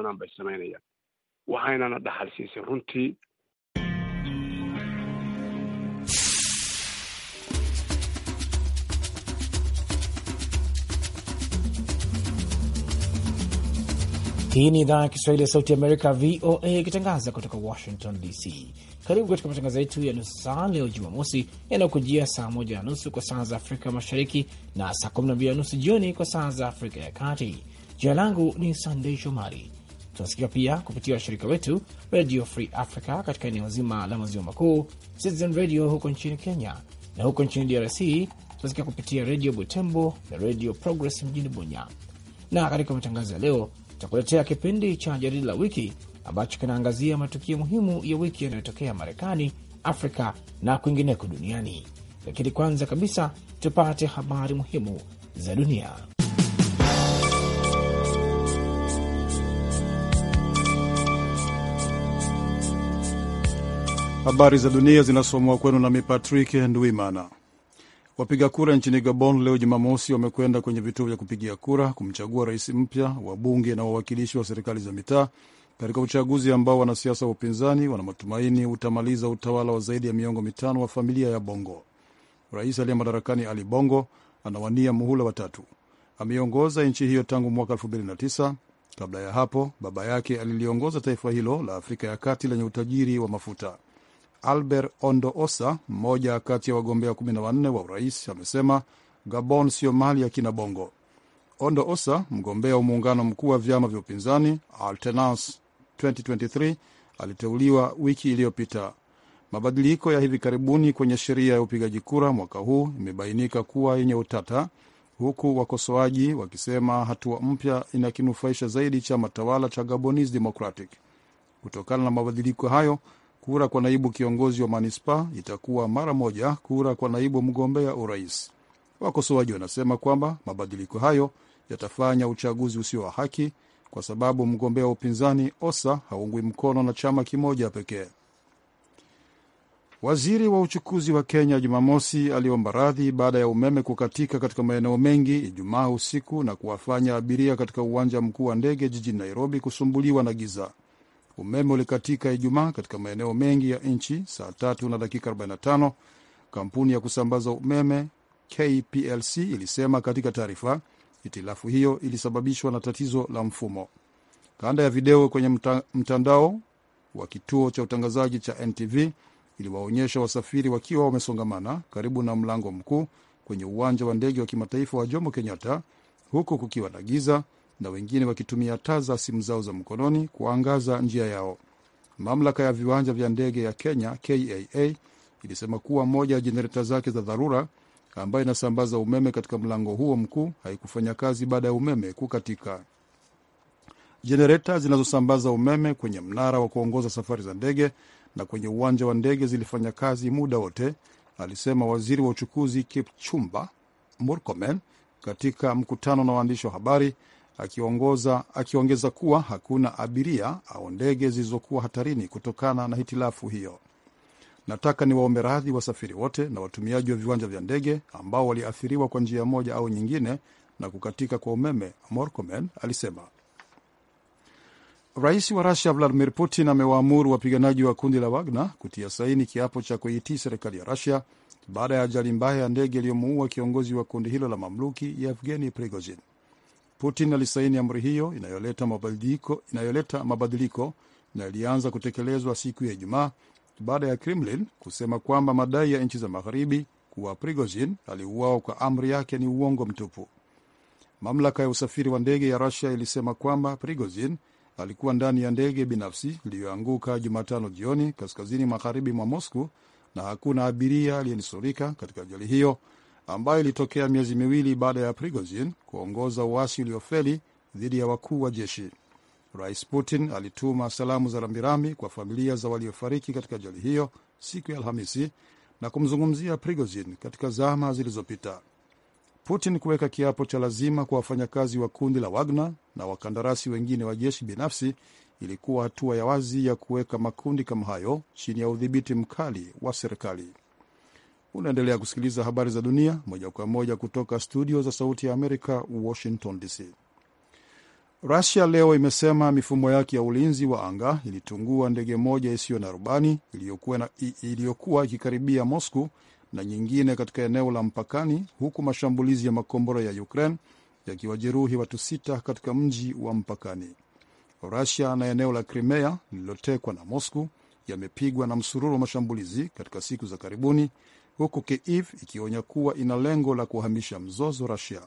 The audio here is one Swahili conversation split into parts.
badan bay samaynayaan waxaynana dhaxal siisay runtii Hii ni idhaa ya Kiswahili ya Sauti Amerika, VOA, ikitangaza kutoka Washington DC. Karibu katika matangazo yetu ya nusu saa leo Jumamosi, yanayokujia saa moja na nusu kwa saa za Afrika Mashariki na saa kumi na mbili na nusu jioni kwa saa za Afrika ya Kati. Jina langu ni Sandei Shomari Tunasikia pia kupitia washirika wetu Radio Free Africa katika eneo zima la maziwa makuu, Citizen Radio huko nchini Kenya, na huko nchini DRC tunasikia kupitia Radio Butembo na Radio Progress mjini Bunya. Na katika matangazo ya leo tutakuletea kipindi cha Jarida la Wiki ambacho kinaangazia matukio muhimu ya wiki yanayotokea Marekani, Afrika na kwingineko duniani. Lakini kwanza kabisa tupate habari muhimu za dunia. Habari za dunia zinasomwa kwenu nami Patrick Ndwimana. Wapiga kura nchini Gabon leo Jumamosi wamekwenda kwenye vituo vya kupigia kura kumchagua rais mpya, wabunge na wawakilishi wa serikali za mitaa katika uchaguzi ambao wanasiasa wa upinzani wana matumaini utamaliza utawala wa zaidi ya miongo mitano wa familia ya Bongo. Rais aliye madarakani Ali Bongo anawania muhula watatu. ameongoza nchi hiyo tangu mwaka 2009. Kabla ya hapo, baba yake aliliongoza taifa hilo la Afrika ya kati lenye utajiri wa mafuta. Albert Ondo Osa, mmoja kati ya wagombea 14 wa urais, amesema Gabon siyo mali ya kina Bongo. Ondo Osa, mgombea wa muungano mkuu wa vyama vya upinzani Alternance 2023, aliteuliwa wiki iliyopita. Mabadiliko ya hivi karibuni kwenye sheria ya upigaji kura mwaka huu imebainika kuwa yenye utata, huku wakosoaji wakisema hatua mpya inakinufaisha zaidi chama tawala cha Gabonese Democratic. Kutokana na mabadiliko hayo, Kura kwa naibu kiongozi wa manispaa itakuwa mara moja kura kwa naibu mgombea urais. Wakosoaji wanasema kwamba mabadiliko hayo yatafanya uchaguzi usio wa haki kwa sababu mgombea wa upinzani Osa haungwi mkono na chama kimoja pekee. Waziri wa uchukuzi wa Kenya Jumamosi aliomba radhi baada ya umeme kukatika katika maeneo mengi Ijumaa usiku na kuwafanya abiria katika uwanja mkuu wa ndege jijini Nairobi kusumbuliwa na giza. Umeme ulikatika Ijumaa katika maeneo mengi ya nchi saa tatu na dakika 45. Kampuni ya kusambaza umeme KPLC ilisema katika taarifa, hitilafu hiyo ilisababishwa na tatizo la mfumo. Kanda ya video kwenye mta, mtandao wa kituo cha utangazaji cha NTV iliwaonyesha wasafiri wakiwa wamesongamana karibu na mlango mkuu kwenye uwanja wa ndege wa kimataifa wa Jomo Kenyatta, huku kukiwa na giza na wengine wakitumia taa za simu zao za mkononi kuangaza njia yao. Mamlaka ya viwanja vya ndege ya Kenya KAA ilisema kuwa moja ya jenereta zake za dharura ambayo inasambaza umeme katika mlango huo mkuu haikufanya kazi baada ya umeme kukatika. Jenereta zinazosambaza umeme kwenye mnara wa kuongoza safari za ndege na kwenye uwanja wa ndege zilifanya kazi muda wote, alisema waziri wa uchukuzi Kipchumba Murkomen katika mkutano na waandishi wa habari akiongoza akiongeza kuwa hakuna abiria au ndege zilizokuwa hatarini kutokana na hitilafu hiyo. Nataka waombe radhi wasafiri wote na watumiaji wa viwanja vya ndege ambao waliathiriwa kwa njia moja au nyingine na kukatika kwa umeme, Murkomen alisema. Rais wa Rusia Vladimir Putin amewaamuru wapiganaji wa kundi la Wagner kutia saini kiapo cha kuitii serikali ya Rusia baada ya ajali mbaya ya ndege iliyomuua kiongozi wa kundi hilo la mamluki Yevgeni Prigozhin. Putin alisaini amri hiyo inayoleta mabadiliko, inayoleta mabadiliko na ilianza kutekelezwa siku ya Ijumaa baada ya Kremlin kusema kwamba madai ya nchi za magharibi kuwa Prigozhin aliuawa kwa amri yake ni uongo mtupu. Mamlaka ya usafiri wa ndege ya Rusia ilisema kwamba Prigozhin alikuwa ndani ya ndege binafsi iliyoanguka Jumatano jioni kaskazini magharibi mwa Moscow na hakuna abiria aliyenusurika katika ajali hiyo, ambayo ilitokea miezi miwili baada ya Prigozhin kuongoza uasi uliofeli dhidi ya wakuu wa jeshi. Rais Putin alituma salamu za rambirambi kwa familia za waliofariki katika ajali hiyo siku ya Alhamisi na kumzungumzia Prigozhin katika zama zilizopita. Putin kuweka kiapo cha lazima kwa wafanyakazi wa kundi la Wagner na wakandarasi wengine wa jeshi binafsi ilikuwa hatua ya wazi ya kuweka makundi kama hayo chini ya udhibiti mkali wa serikali. Unaendelea kusikiliza habari za dunia moja kwa moja kutoka studio za Sauti ya Amerika, Washington DC. Rusia leo imesema mifumo yake ya ulinzi wa anga ilitungua ndege moja isiyo na rubani iliyokuwa ikikaribia Moscow na nyingine katika eneo la mpakani, huku mashambulizi ya makombora ya Ukraine yakiwajeruhi watu sita katika mji wa mpakani. Rusia na eneo la Crimea lililotekwa na Moscow yamepigwa na msururu wa mashambulizi katika siku za karibuni huku Kiev ikionya kuwa ina lengo la kuhamisha mzozo Rusia.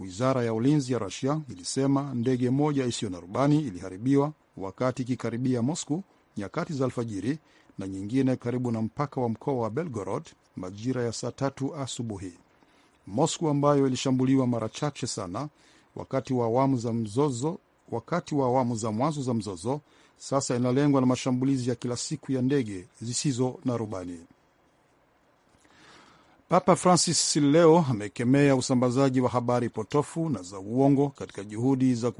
Wizara ya ulinzi ya Rusia ilisema ndege moja isiyo na rubani iliharibiwa wakati ikikaribia Moscow nyakati za alfajiri na nyingine karibu na mpaka wa mkoa wa Belgorod majira ya saa tatu asubuhi. Moscow ambayo ilishambuliwa mara chache sana wakati wa awamu za mzozo, wakati wa awamu za mwanzo za mzozo, sasa inalengwa na mashambulizi ya kila siku ya ndege zisizo na rubani. Papa Francis leo amekemea usambazaji wa habari potofu na za uongo katika juhudi za,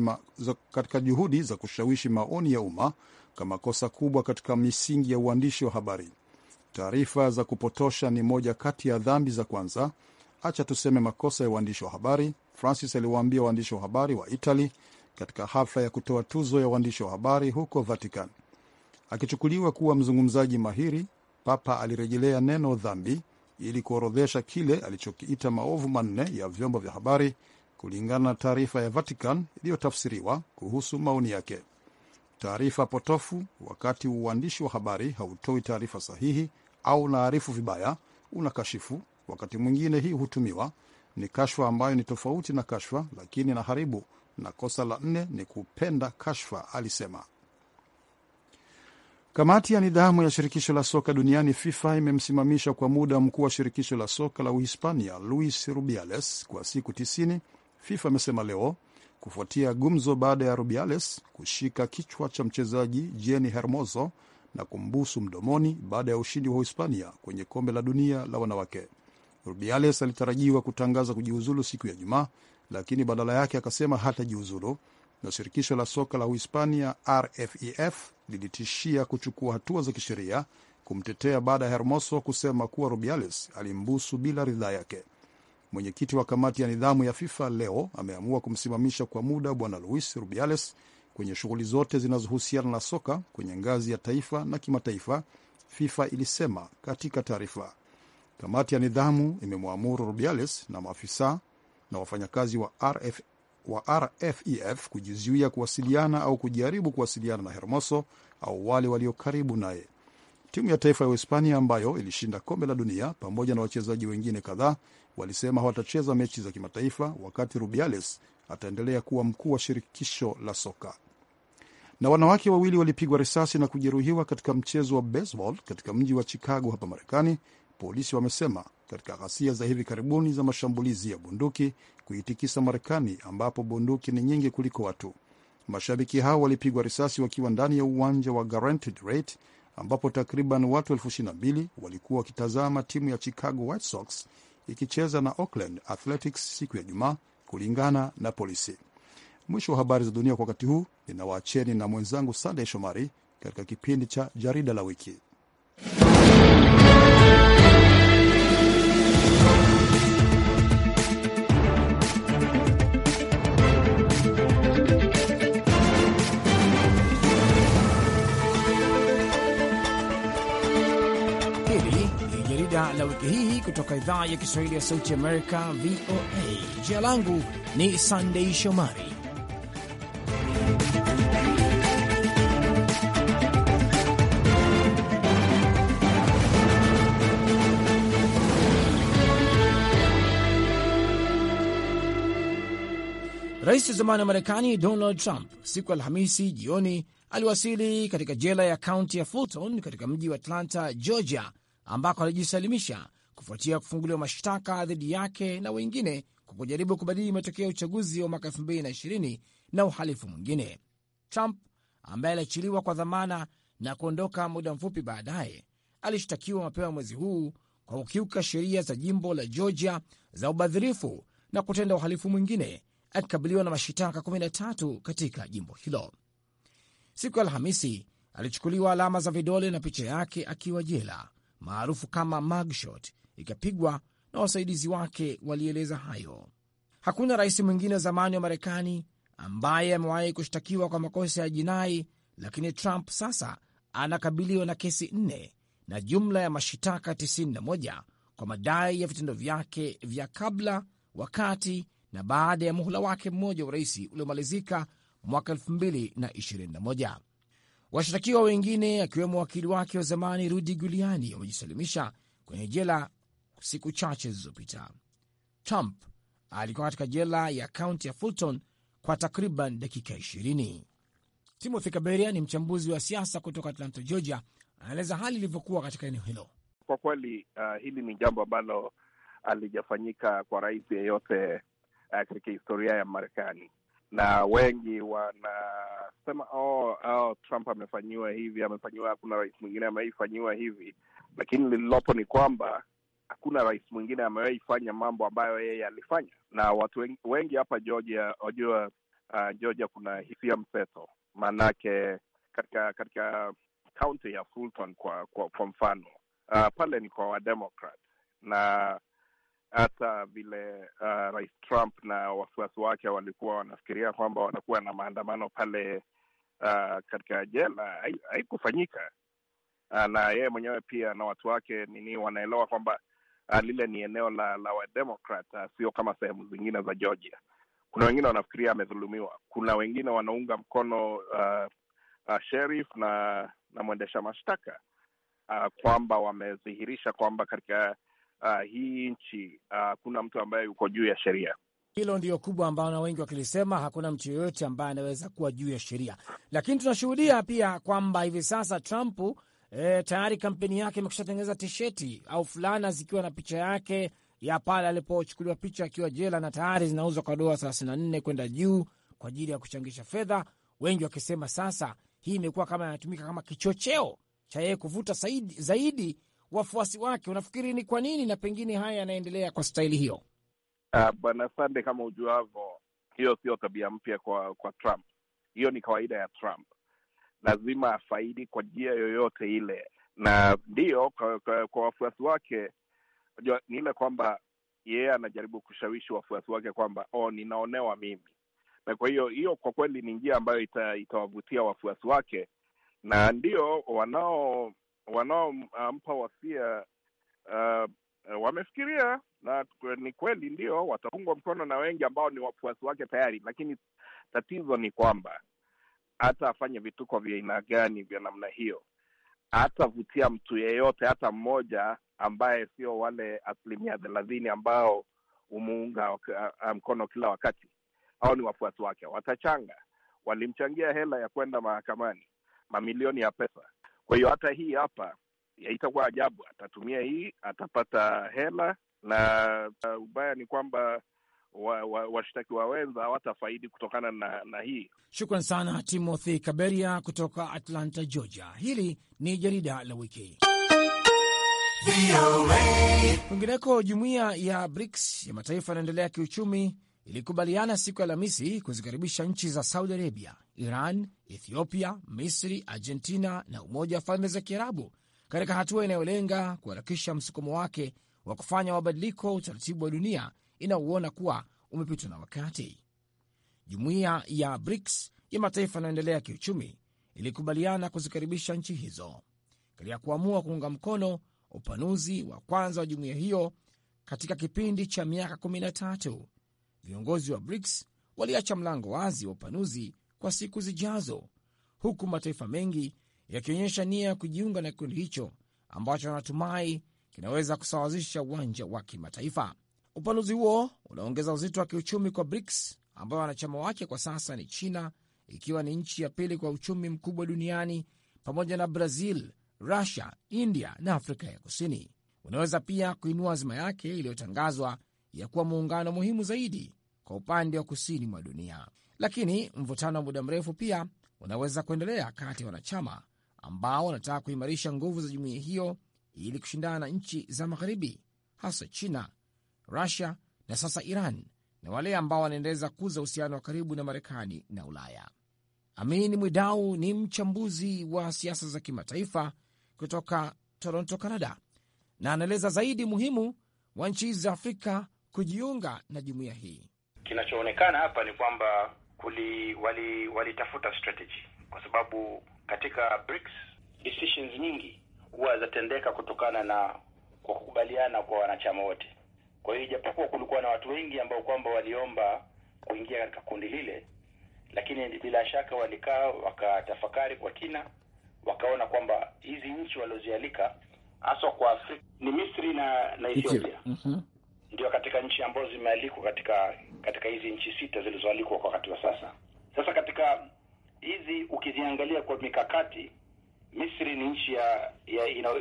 ma, za, katika juhudi za kushawishi maoni ya umma kama kosa kubwa katika misingi ya uandishi wa habari. Taarifa za kupotosha ni moja kati ya dhambi za kwanza, acha tuseme makosa ya uandishi wa habari, Francis aliwaambia waandishi wa habari wa Itali katika hafla ya kutoa tuzo ya waandishi wa habari huko Vatican. Akichukuliwa kuwa mzungumzaji mahiri, Papa alirejelea neno dhambi ili kuorodhesha kile alichokiita maovu manne ya vyombo vya habari, kulingana na taarifa ya Vatican iliyotafsiriwa kuhusu maoni yake. Taarifa potofu, wakati uandishi wa habari hautoi taarifa sahihi au unaarifu vibaya, unakashifu. Wakati mwingine hii hutumiwa ni kashfa ambayo ni tofauti na kashfa, lakini na haribu Na kosa la nne ni kupenda kashfa, alisema. Kamati ya nidhamu ya shirikisho la soka duniani FIFA imemsimamisha kwa muda mkuu wa shirikisho la soka la Uhispania Luis Rubiales kwa siku 90, FIFA imesema leo, kufuatia gumzo baada ya Rubiales kushika kichwa cha mchezaji Jenny Hermoso na kumbusu mdomoni baada ya ushindi wa Uhispania kwenye kombe la dunia la wanawake. Rubiales alitarajiwa kutangaza kujiuzulu siku ya Jumaa, lakini badala yake akasema hatajiuzulu na shirikisho la soka la Uhispania RFEF e lilitishia kuchukua hatua za kisheria kumtetea baada ya Hermoso kusema kuwa Rubiales alimbusu bila ridhaa yake. Mwenyekiti wa kamati ya nidhamu ya FIFA leo ameamua kumsimamisha kwa muda Bwana Luis Rubiales kwenye shughuli zote zinazohusiana na soka kwenye ngazi ya taifa na kimataifa, FIFA ilisema katika taarifa. Kamati ya nidhamu imemwamuru Rubiales na maafisa na wafanyakazi wa RF, e wa RFEF e kujizuia kuwasiliana au kujaribu kuwasiliana na Hermoso au wale walio karibu naye. Timu ya taifa ya Uhispania ambayo ilishinda kombe la dunia pamoja na wachezaji wengine kadhaa walisema hawatacheza mechi za kimataifa wakati Rubiales ataendelea kuwa mkuu wa shirikisho la soka. Na wanawake wawili walipigwa risasi na kujeruhiwa katika mchezo wa baseball katika mji wa Chicago hapa Marekani, polisi wamesema katika ghasia za hivi karibuni za mashambulizi ya bunduki kuitikisa Marekani, ambapo bunduki ni nyingi kuliko watu. Mashabiki hao walipigwa risasi wakiwa ndani ya uwanja wa Guaranteed Rate ambapo takriban watu elfu ishirini na mbili walikuwa wakitazama timu ya Chicago White Sox ikicheza na Oakland Athletics siku ya Jumaa, kulingana na polisi. Mwisho wa habari za dunia kwa wakati huu. Ninawaacheni na mwenzangu Sandey Shomari katika kipindi cha jarida la wiki. hii kutoka idhaa ya Kiswahili ya Sauti Amerika, VOA. Jina langu ni Sandei Shomari, Rais wa zamani wa Marekani Donald Trump siku Alhamisi jioni aliwasili katika jela ya kaunti ya Fulton katika mji wa Atlanta, Georgia, ambako alijisalimisha kufuatia kufunguliwa mashtaka dhidi yake na wengine kwa kujaribu kubadili matokeo ya uchaguzi wa mwaka 2020 na uhalifu mwingine. Trump ambaye aliachiliwa kwa dhamana na kuondoka muda mfupi baadaye, alishtakiwa mapema mwezi huu kwa kukiuka sheria za jimbo la Georgia za ubadhirifu na kutenda uhalifu mwingine, akikabiliwa na mashitaka 13 katika jimbo hilo. Siku ya Alhamisi alichukuliwa alama za vidole na picha yake akiwa jela maarufu kama mugshot ikapigwa na wasaidizi wake walieleza hayo. Hakuna rais mwingine wa zamani wa Marekani ambaye amewahi kushtakiwa kwa makosa ya jinai, lakini Trump sasa anakabiliwa na kesi nne na jumla ya mashitaka 91 kwa madai ya vitendo vyake vya kabla, wakati na baada ya muhula wake mmoja wa urais uliomalizika mwaka 2021. Washtakiwa wengine akiwemo wakili wake wa zamani Rudi Giuliani wamejisalimisha kwenye jela siku chache zilizopita. Trump alikuwa katika jela ya kaunti ya Fulton kwa takriban dakika 20. Timothy Kaberia ni mchambuzi wa siasa kutoka Atlanta, Georgia, anaeleza hali ilivyokuwa katika eneo hilo. Kwa kweli, uh, hili ni jambo ambalo alijafanyika uh, kwa rais yeyote uh, katika historia ya Marekani na wengi wanasema oh, oh, Trump amefanyiwa hivi, amefanyiwa, hakuna rais mwingine amewaifanyiwa hivi, lakini lililopo ni kwamba hakuna rais mwingine amewaifanya mambo ambayo yeye alifanya, na watu wengi, hapa Georgia, wajua uh, Georgia kuna hisia mseto, maanake katika katika kaunti ya Fulton kwa kwa, kwa mfano uh, pale ni kwa Wademokrat na hata vile uh, Rais Trump na wafuasi wake walikuwa wanafikiria kwamba watakuwa na maandamano pale uh, katika jela, haikufanyika. Uh, na yeye mwenyewe pia na watu wake nini wanaelewa kwamba uh, lile ni eneo la la Wademokrat, uh, sio kama sehemu zingine za Georgia. Kuna wengine wanafikiria amedhulumiwa, kuna wengine wanaunga mkono uh, uh, sherif na na mwendesha mashtaka uh, kwamba wamedhihirisha kwamba katika uh, hii nchi hakuna uh, mtu ambaye yuko juu ya sheria. Hilo ndio kubwa ambao na wengi wakilisema, hakuna mtu yoyote ambaye anaweza kuwa juu ya sheria. Lakini tunashuhudia pia kwamba hivi sasa Trump e, tayari kampeni yake imekusha tengeneza tisheti au fulana zikiwa na picha yake ya pale alipochukuliwa picha akiwa jela, na tayari zinauzwa kwa dola thelathini na nne kwenda juu kwa ajili ya kuchangisha fedha, wengi wakisema sasa hii imekuwa kama inatumika kama kichocheo cha yeye kuvuta zaidi wafuasi wake. Unafikiri ni kwa nini, na pengine haya yanaendelea kwa staili hiyo? Uh, bwana Sande, kama ujuavyo, hiyo sio tabia mpya kwa kwa Trump. Hiyo ni kawaida ya Trump, lazima afaidi kwa njia yoyote ile, na ndiyo kwa, kwa, kwa wafuasi wake ni ile kwamba yeye yeah, anajaribu kushawishi wafuasi wake kwamba oh, ninaonewa mimi, na kwa hiyo hiyo kwa kweli ni njia ambayo ita, itawavutia wafuasi wake, na ndio wanao wanaompa wasia uh, wamefikiria na ni kweli ndio wataungwa mkono na wengi ambao ni wafuasi wake tayari, lakini tatizo ni kwamba hata afanye vituko vya aina gani vya namna hiyo, hatavutia mtu yeyote, hata mmoja ambaye sio wale asilimia thelathini ambao umeunga eh, mkono kila wakati. au ni wafuasi wake, watachanga, walimchangia hela ya kwenda mahakamani, mamilioni ya pesa kwa hiyo hata hii hapa haitakuwa ajabu, atatumia hii, atapata hela, na uh, ubaya ni kwamba washtakiwa wa, wa wenza hawatafaidi kutokana na, na hii. Shukran sana Timothy Kaberia kutoka Atlanta, Georgia. Hili ni jarida la wiki. Kwingineko, jumuiya ya BRICS ya mataifa yanaendelea kiuchumi ilikubaliana siku ya Alhamisi kuzikaribisha nchi za Saudi Arabia, Iran, Ethiopia, Misri, Argentina na Umoja wa Falme za Kiarabu katika hatua inayolenga kuharakisha msukumo wake wa kufanya mabadiliko utaratibu wa dunia inauona kuwa umepitwa na wakati. Jumuiya ya BRICS ya mataifa yanayoendelea kiuchumi ilikubaliana kuzikaribisha nchi hizo katika kuamua kuunga mkono upanuzi wa kwanza wa jumuiya hiyo katika kipindi cha miaka 13 viongozi wa BRICS waliacha mlango wazi wa upanuzi kwa siku zijazo, huku mataifa mengi yakionyesha nia ya kujiunga na kikundi hicho ambacho wanatumai kinaweza kusawazisha uwanja wa kimataifa. Upanuzi huo unaongeza uzito wa kiuchumi kwa BRICS ambayo wanachama wake kwa sasa ni China, ikiwa ni nchi ya pili kwa uchumi mkubwa duniani, pamoja na Brazil, Rusia, India na Afrika ya Kusini. Unaweza pia kuinua azima yake iliyotangazwa ya kuwa muungano muhimu zaidi kwa upande wa kusini mwa dunia. Lakini mvutano wa muda mrefu pia unaweza kuendelea kati ya wanachama ambao wanataka kuimarisha nguvu za jumuiya hiyo ili kushindana na nchi za magharibi, hasa China, Rusia na sasa Iran na wale ambao wanaendeleza kuza uhusiano wa karibu na Marekani na Ulaya. Amin Mwidau ni mchambuzi wa siasa za kimataifa kutoka Toronto, Canada, na anaeleza zaidi muhimu wa nchi za Afrika kujiunga na jumuiya hii kinachoonekana hapa ni kwamba kuli- wali- walitafuta strategy kwa sababu katika BRICS, decisions nyingi huwa zatendeka kutokana na kwa kukubaliana kwa wanachama wote. Kwa hiyo ijapokuwa kulikuwa na watu wengi ambao kwamba waliomba kuingia katika kundi lile, lakini bila shaka walikaa wakatafakari kwa kina, wakaona kwamba hizi nchi waliozialika haswa kwa Afrika ni Misri na na Ethiopia. mm -hmm ndio katika nchi ambazo zimealikwa katika katika hizi nchi sita zilizoalikwa kwa wakati wa sasa. Sasa katika hizi ukiziangalia kwa mikakati, Misri ni nchi ya, ya inatoka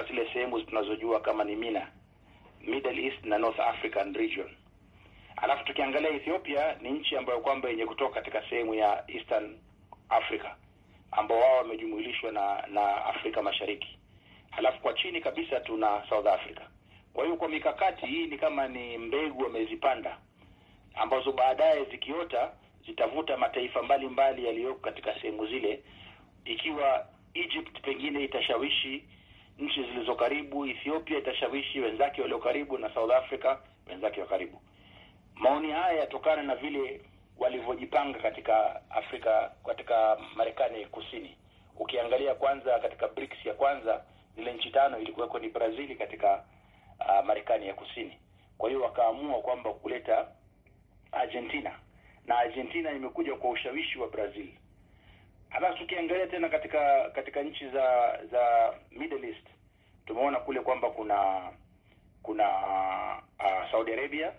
ino, ino, zile sehemu tunazojua kama ni Mina, Middle East na North African region. Alafu tukiangalia Ethiopia ni nchi ambayo kwamba yenye kutoka katika sehemu ya Eastern Africa ambao wao wamejumuilishwa na na Afrika Mashariki. Alafu kwa chini kabisa tuna South Africa. Kwa hiyo kwa mikakati hii ni kama ni mbegu wamezipanda ambazo baadaye zikiota zitavuta mataifa mbalimbali yaliyoko katika sehemu zile, ikiwa Egypt pengine itashawishi nchi zilizo karibu, Ethiopia itashawishi wenzake walio karibu, na South Africa wenzake wa karibu. Maoni haya yatokana na vile walivyojipanga katika Afrika, katika Marekani Kusini. Ukiangalia kwanza katika BRICS ya kwanza, zile nchi tano ilikuweko ni Brazil katika uh, Marekani ya Kusini. Kwa hiyo wakaamua kwamba kuleta Argentina na Argentina imekuja kwa ushawishi wa Brazil. Halafu tukiangalia tena katika katika nchi za za Middle East tumeona kule kwamba kuna kuna uh, uh, Saudi Arabia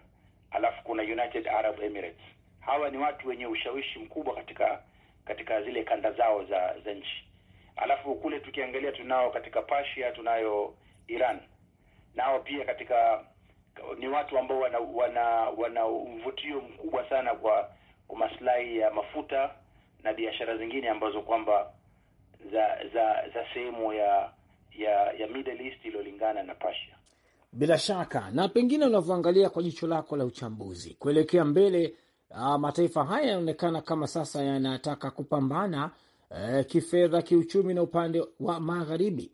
alafu kuna United Arab Emirates. Hawa ni watu wenye ushawishi mkubwa katika katika zile kanda zao za za nchi. Alafu kule tukiangalia tunao katika Persia tunayo Iran nao pia katika ni watu ambao wana wana wana mvutio mkubwa sana kwa kwa maslahi ya mafuta na biashara zingine ambazo kwamba za za za sehemu ya ya ya Middle East iliyolingana na Persia. Bila shaka na pengine unavyoangalia kwa jicho lako la uchambuzi kuelekea mbele, uh, mataifa haya yanaonekana kama sasa yanataka kupambana uh, kifedha, kiuchumi na upande wa magharibi,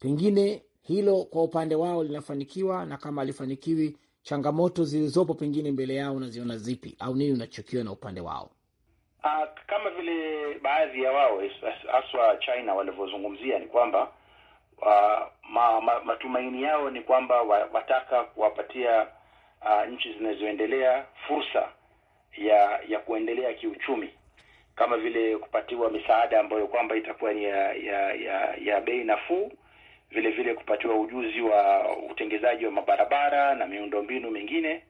pengine hilo kwa upande wao linafanikiwa, na kama alifanikiwi, changamoto zilizopo pengine mbele yao unaziona zipi, au nini unachokiona upande wao? Uh, kama vile baadhi ya wao haswa China walivyozungumzia ni kwamba uh, ma, ma, matumaini yao ni kwamba wataka kuwapatia uh, nchi zinazoendelea fursa ya ya kuendelea kiuchumi kama vile kupatiwa misaada ambayo kwamba itakuwa ni ya ya, ya, ya bei nafuu vile vile kupatiwa ujuzi wa utengezaji wa mabarabara na miundombinu mingine.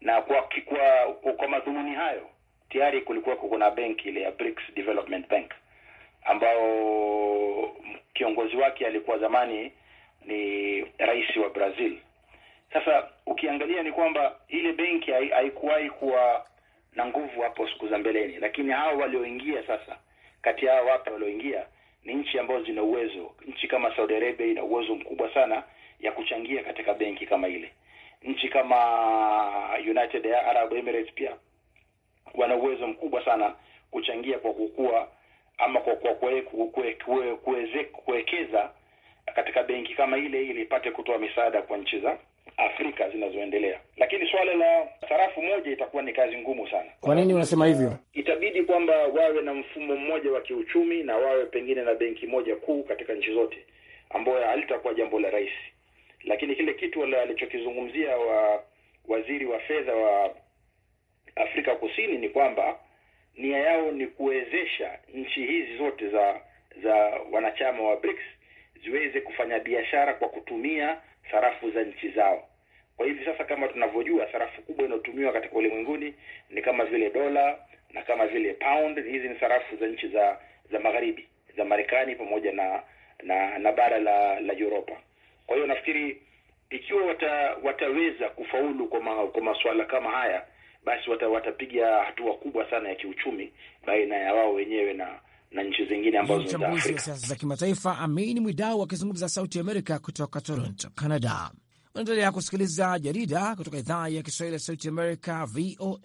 Na kwa kwa, kwa madhumuni hayo tayari kulikuwa kuna benki ile ya BRICS Development Bank ambao kiongozi wake alikuwa zamani ni rais wa Brazil. Sasa ukiangalia ni kwamba ile benki haikuwahi kuwa na nguvu hapo siku za mbeleni, lakini hao walioingia sasa, kati yao wapo walioingia ni nchi ambazo zina uwezo. Nchi kama Saudi Arabia ina uwezo mkubwa sana ya kuchangia katika benki kama ile. Nchi kama United Arab Emirates pia wana uwezo mkubwa sana kuchangia kwa kukua ama kwa kwa kuwekeza katika benki kama ile ili ipate kutoa misaada kwa nchi za Afrika zinazoendelea, lakini swala la sarafu moja itakuwa ni kazi ngumu sana. Kwa nini unasema hivyo? Itabidi kwamba wawe na mfumo mmoja wa kiuchumi na wawe pengine na benki moja kuu katika nchi zote, ambayo halitakuwa jambo la rahisi, lakini kile kitu alichokizungumzia wa waziri wa fedha wa Afrika Kusini ni kwamba nia yao ni kuwezesha nchi hizi zote za za wanachama wa BRICS ziweze kufanya biashara kwa kutumia sarafu za nchi zao. Kwa hivi sasa, kama tunavyojua, sarafu kubwa inayotumiwa katika ulimwenguni ni kama vile dola na kama vile pound. Hizi ni sarafu za nchi za za magharibi za Marekani pamoja na na na bara la la Europa. Kwa hiyo nafikiri ikiwa wata, wataweza kufaulu kwa ma, kwa masuala kama haya, basi wata, watapiga hatua kubwa sana ya kiuchumi baina ya wao wenyewe na na nchi zingine ambazo ni za Afrika. Siasa za kimataifa. Amin Mwidau akizungumza Sauti Amerika kutoka Toronto, Canada. Unaendelea kusikiliza jarida kutoka idhaa ya Kiswahili ya Sauti Amerika, VOA,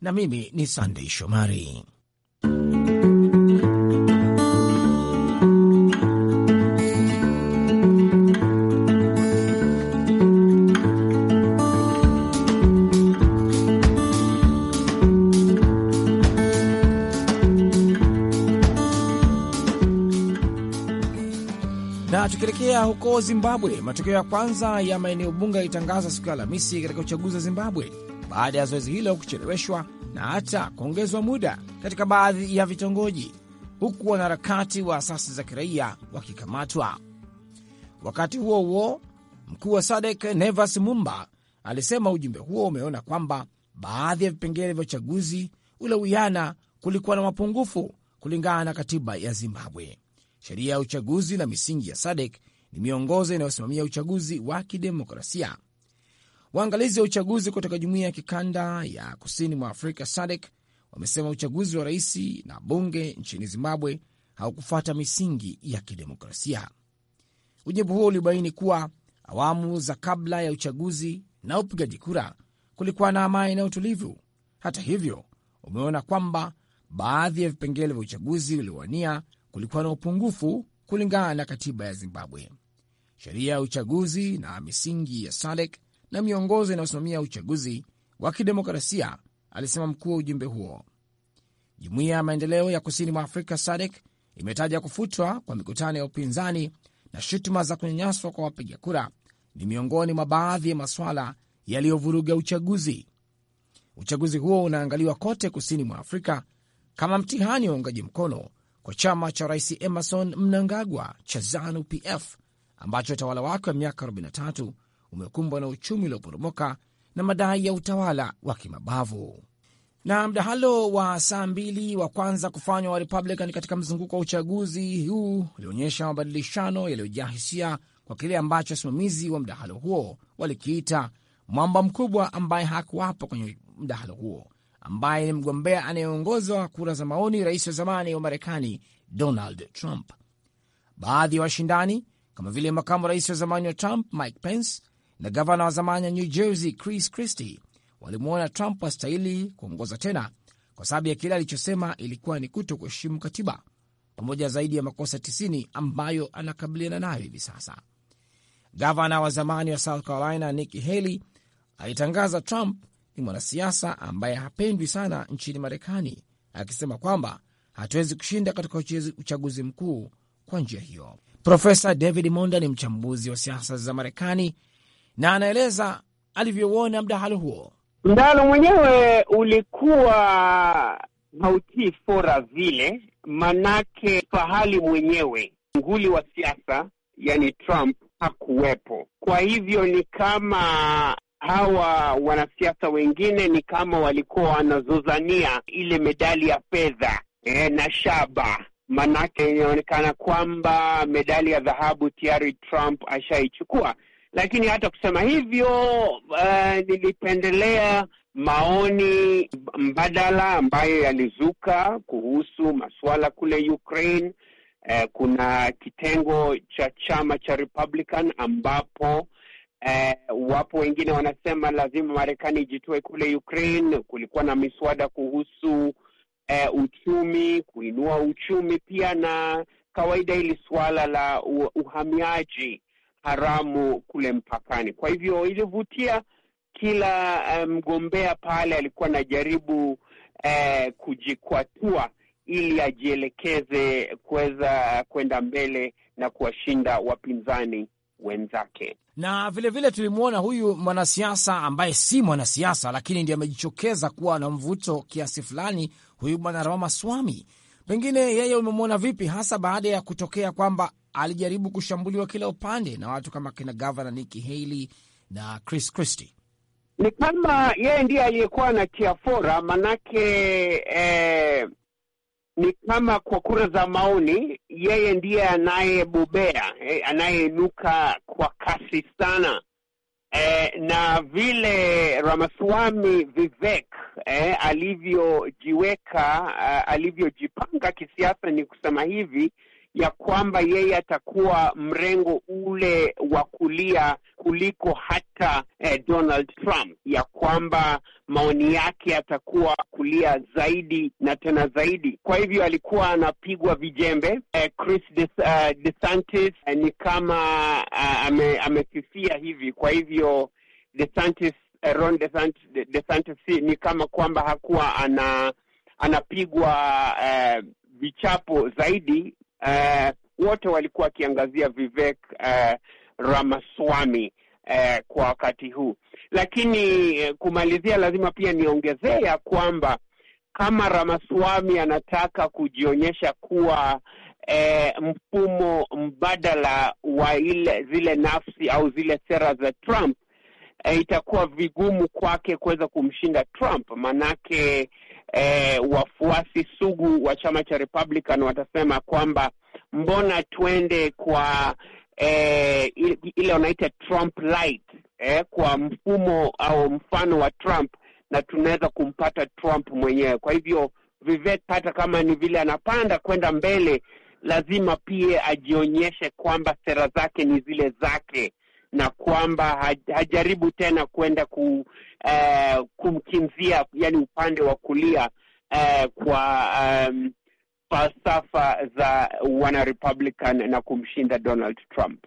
na mimi ni Sandei Shomari. huko Zimbabwe, matokeo ya kwanza ya maeneo bunge yalitangaza siku ya Alhamisi katika uchaguzi wa Zimbabwe baada ya zoezi hilo kucheleweshwa na hata kuongezwa muda katika baadhi ya vitongoji, huku wanaharakati wa asasi za kiraia wakikamatwa. Wakati huo huo, mkuu wa SADC Nevas Mumba alisema ujumbe huo umeona kwamba baadhi ya vipengele vya uchaguzi uliowiana kulikuwa na mapungufu kulingana na katiba ya Zimbabwe. Sheria ya uchaguzi na misingi ya SADC ni miongozo inayosimamia uchaguzi wa kidemokrasia. Waangalizi wa uchaguzi kutoka jumuiya ya kikanda ya kusini mwa Afrika SADC wamesema uchaguzi wa rais na bunge nchini Zimbabwe haukufuata misingi ya kidemokrasia. Ujumbe huo ulibaini kuwa awamu za kabla ya uchaguzi na upigaji kura kulikuwa na amani na utulivu. Hata hivyo, umeona kwamba baadhi ya vipengele vya uchaguzi uliowania kulikuwa na upungufu kulingana na katiba ya Zimbabwe sheria ya uchaguzi na misingi ya SADEK na miongozo inayosimamia uchaguzi wa kidemokrasia, alisema mkuu wa ujumbe huo. Jumuiya ya maendeleo ya kusini mwa Afrika SADEK imetaja kufutwa kwa mikutano ya upinzani na shutuma za kunyanyaswa kwa wapiga kura ni miongoni mwa baadhi ya maswala yaliyovuruga uchaguzi. Uchaguzi huo unaangaliwa kote kusini mwa Afrika kama mtihani wa uungaji mkono kwa chama cha rais Emerson Mnangagwa cha ZANU PF ambacho utawala wake wa miaka 43 umekumbwa na uchumi ulioporomoka na madai ya utawala wa kimabavu. Na mdahalo wa saa mbili wa kwanza kufanywa wa Republican katika mzunguko wa uchaguzi huu ulionyesha mabadilishano yaliyojaa hisia kwa kile ambacho wasimamizi wa mdahalo huo walikiita mwamba mkubwa ambaye hakuwapo kwenye mdahalo huo, ambaye ni mgombea anayeongozwa kura za maoni, rais wa zamani wa Marekani Donald Trump. Baadhi ya wa washindani kama vile makamu rais wa zamani wa Trump Mike Pence na gavana wa zamani wa New Jersey Chris Christie walimwona Trump astahili kuongoza tena kwa sababu ya kile alichosema ilikuwa ni kuto kuheshimu katiba pamoja zaidi ya makosa 90 ambayo anakabiliana nayo hivi sasa. Gavana wa zamani wa South Carolina Nikki Haley alitangaza Trump ni mwanasiasa ambaye hapendwi sana nchini Marekani, akisema kwamba hatuwezi kushinda katika uchaguzi mkuu kwa njia hiyo. Profesa David Monda ni mchambuzi wa siasa za Marekani na anaeleza alivyouona mdahalo huo. Mdahalo mwenyewe ulikuwa hautii fora vile, manake fahali mwenyewe nguli wa siasa, yani Trump hakuwepo. Kwa hivyo ni kama hawa wanasiasa wengine ni kama walikuwa wanazozania ile medali ya fedha eh, na shaba manake inaonekana kwamba medali ya dhahabu tayari Trump ashaichukua. Lakini hata kusema hivyo, uh, nilipendelea maoni mbadala ambayo yalizuka kuhusu masuala kule Ukraine. Uh, kuna kitengo cha chama cha Republican ambapo Uh, wapo wengine wanasema lazima Marekani ijitoe kule Ukraine. Kulikuwa na miswada kuhusu e, uchumi, kuinua uchumi pia na kawaida hili suala la uhamiaji haramu kule mpakani. Kwa hivyo ilivutia kila eh, mgombea um, pale alikuwa anajaribu eh, kujikwatua ili ajielekeze kuweza eh, kwenda mbele na kuwashinda wapinzani wenzake. Na vilevile tulimwona huyu mwanasiasa ambaye si mwanasiasa, lakini ndiye amejichokeza kuwa na mvuto kiasi fulani, huyu bwana swami Pengine yeye umemwona vipi, hasa baada ya kutokea kwamba alijaribu kushambuliwa kila upande na watu kama kina gavana Nikki Haley na Chris Christie? Ni kama yeye ndiye aliyekuwa na tiafora manake, eh, ni kama kwa kura za maoni, yeye ndiye anayebobea, eh, anayeinuka kwa kasi sana. eh, na vile ramaswami Vivek eh, alivyojiweka, uh, eh, alivyojipanga kisiasa, ni kusema hivi ya kwamba yeye atakuwa mrengo ule wa kulia kuliko hata eh, Donald Trump, ya kwamba maoni yake atakuwa kulia zaidi na tena zaidi. Kwa hivyo alikuwa anapigwa vijembe eh, Chris Des, uh, eh, DeSantis eh, ni kama uh, ame, amefifia hivi. Kwa hivyo DeSantis, eh, Ron DeSantis, DeSantis ni kama kwamba hakuwa ana anapigwa eh, vichapo zaidi uh, wote walikuwa wakiangazia Vivek uh, Ramaswamy uh, kwa wakati huu. Lakini kumalizia, lazima pia niongezee ya kwamba kama Ramaswamy anataka kujionyesha kuwa E, mfumo mbadala wa ile zile nafsi au zile sera za Trump e, itakuwa vigumu kwake kuweza kumshinda Trump, manake eh, wafuasi sugu wa chama cha Republican watasema kwamba mbona twende kwa eh, ile wanaita Trump light eh, kwa mfumo au mfano wa Trump na tunaweza kumpata Trump mwenyewe. Kwa hivyo Vivek, hata kama ni vile anapanda kwenda mbele, lazima pia ajionyeshe kwamba sera zake ni zile zake na kwamba hajaribu tena kwenda ku, uh, eh, kumkimzia yani upande wa kulia uh, kwa um, falsafa za wana na kumshinda Donald Trump.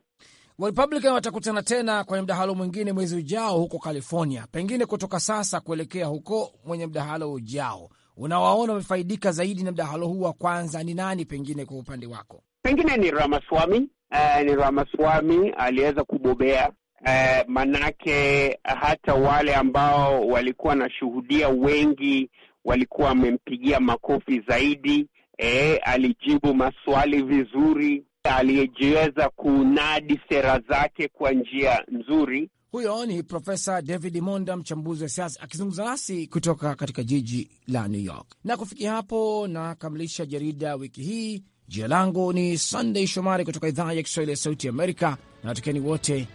Wa watakutana tena kwenye mdahalo mwingine mwezi ujao huko California. Pengine kutoka sasa kuelekea huko mwenye mdahalo ujao, unawaona wamefaidika zaidi na mdahalo huu wa kwanza ni nani? Pengine kwa upande wako, pengine ni Ramaswamy eh, ni Ramaswami aliweza kubobea eh, manake hata wale ambao walikuwa wanashuhudia wengi walikuwa wamempigia makofi zaidi. Eh, alijibu maswali vizuri, aliyejiweza kunadi sera zake kwa njia nzuri. Huyo ni Profesa David Monda, mchambuzi wa siasa akizungumza nasi kutoka katika jiji la New York. Na kufikia hapo nakamilisha jarida wiki hii. Jina langu ni Sunday Shomari kutoka idhaa ya Kiswahili ya Sauti Amerika, na watakieni wote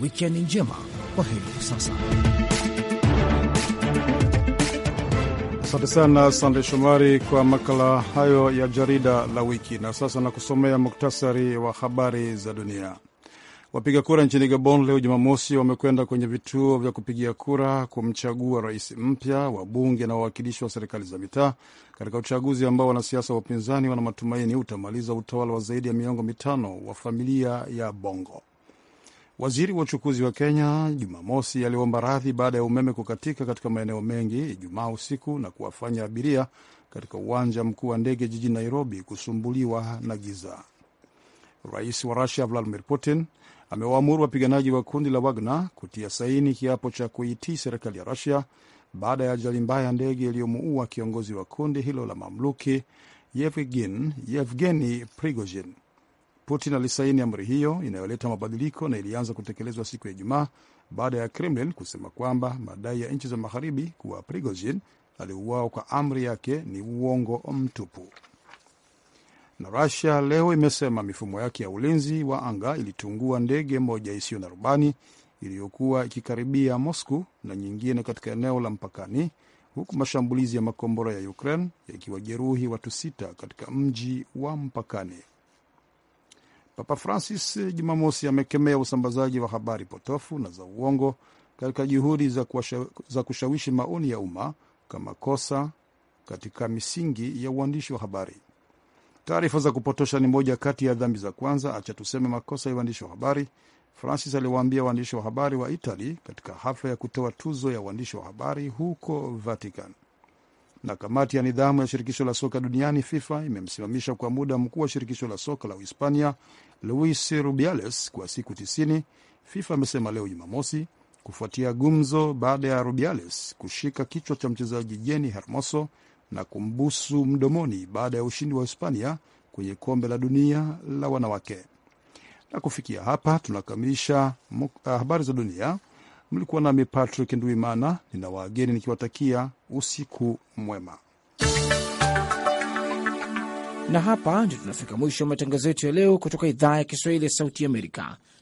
wikendi njema. Kwa heri kwa sasa. Asante sana Sande Shomari kwa makala hayo ya jarida la wiki. Na sasa nakusomea muktasari wa habari za dunia. Wapiga kura nchini Gabon leo Jumamosi wamekwenda kwenye vituo vya kupigia kura kumchagua rais mpya, wabunge na wawakilishi wa serikali za mitaa katika uchaguzi ambao wanasiasa wa upinzani wana matumaini utamaliza utawala wa zaidi ya miongo mitano wa familia ya Bongo. Waziri wa uchukuzi wa Kenya Jumamosi aliomba radhi baada ya umeme kukatika katika maeneo mengi Ijumaa usiku na kuwafanya abiria katika uwanja mkuu wa ndege jijini Nairobi kusumbuliwa na giza. Rais wa Rusia Vladimir Putin amewaamuru wapiganaji wa kundi la Wagner kutia saini kiapo cha kuitii serikali ya Rusia baada ya ajali mbaya ya ndege iliyomuua kiongozi wa kundi hilo la mamluki Yevgen, Yevgeni Prigozhin. Putin alisaini amri hiyo inayoleta mabadiliko na ilianza kutekelezwa siku ya Ijumaa baada ya Kremlin kusema kwamba madai ya nchi za magharibi kuwa Prigozhin aliuawa kwa amri yake ni uongo mtupu na Russia leo imesema mifumo yake ya ulinzi wa anga ilitungua ndege moja isiyo na rubani iliyokuwa ikikaribia Mosku na nyingine katika eneo la mpakani, huku mashambulizi ya makombora ya Ukraine yakiwajeruhi watu sita katika mji wa mpakani. Papa Francis Jumamosi amekemea usambazaji wa habari potofu na za uongo katika juhudi za, za kushawishi maoni ya umma kama kosa katika misingi ya uandishi wa habari. Taarifa za kupotosha ni moja kati ya dhambi za kwanza, acha tuseme makosa ya waandishi wa habari, Francis aliwaambia waandishi wa habari wa Itali katika hafla ya kutoa tuzo ya waandishi wa habari huko Vatican. Na kamati ya nidhamu ya shirikisho la soka duniani FIFA imemsimamisha kwa muda mkuu wa shirikisho la soka la Uhispania Luis Rubiales kwa siku tisini, FIFA amesema leo Jumamosi, kufuatia gumzo baada ya Rubiales kushika kichwa cha mchezaji Jeni Hermoso na kumbusu mdomoni baada ya ushindi wa Hispania kwenye kombe la dunia la wanawake. Na kufikia hapa tunakamilisha ah, habari za dunia. Mlikuwa nami Patrick Nduimana, nina wageni nikiwatakia usiku mwema. Na hapa ndio tunafika mwisho wa matangazo yetu ya leo kutoka idhaa ya Kiswahili ya Sauti Amerika.